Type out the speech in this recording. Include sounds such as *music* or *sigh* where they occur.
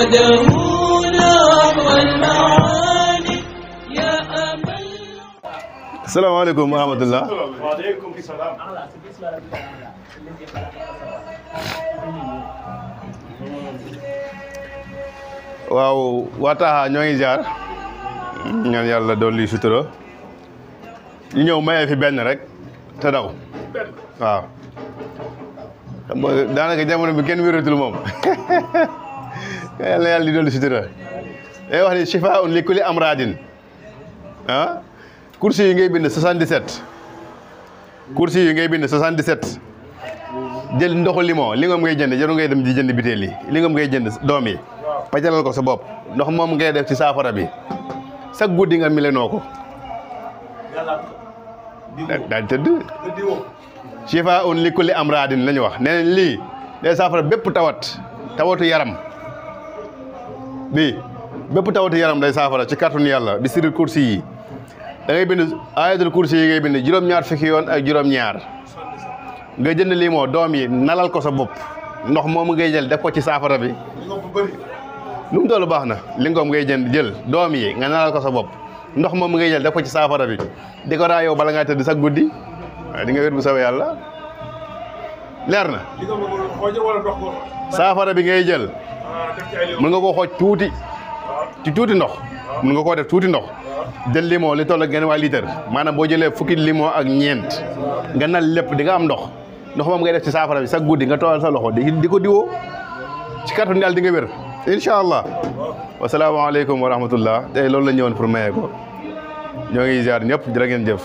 وعده نحو المعاني يا أمل السلام عليكم ورحمة الله وعليكم السلام waaw waa Taha ñoo ngi jaar ñaan yàlla dolli sutura ñu ñëw mayee fi benn rek te daw waaw xam nga daanaka jamono bi kenn wératul moom *laughs* yalla yalla di ci sutura day eh, wax ni shifaa'un li kulli amradin ah kursi yi ngay bind 77 kursi yi ngay bind 77 jël ndoxu limo li nga ngay jënd jëru ngay dem di jënd bitel li nga ngay jënd doom yi pajalal ko sa bop ndox mom ngay def ci safara bi sa goudi nga milenoo da daal shifaa'un li kulli amradin lañ wax neen li day safara bépp tawat tawatu yaram lii bépp tawati yaram lay saafara ci kàttanu yàlla di siril kursi yi da ngay bind ayatul kursi yi ngay bind juróom-ñaar fukki yoon ak juróom-ñaar nga jënd lii moo doom yi nalal ko sa bopp ndox moomu ngay jël def ko ci saafara bi lu mu baax na li ngoom ngay jënd jël doom yi nga nalal ko sa bopp ndox moomu ngay jël def ko ci saafara bi di ko raayoo bala ngaa tëdd sa guddi waaye di nga wér bu sawee yàlla leer na saafara bi ngay jël mën nga koo xooj tuuti ci tuuti ndox mën nga koo def tuuti ndox jël limon li toll ak genn waa litre maanaam boo jëlee fukki limon ak ñeent nga nal lépp di nga am ndox ndox moom ngay def ci saafara bi sa guddi nga toolal sa loxo di ko diwo ci kàttan daal di nga wér incha allah wasalaamaaleykum wa rahmatullah tey loolu la ñëwoon pour maye ko ñoo ngi ziar ñëpp jërë ngeen jëf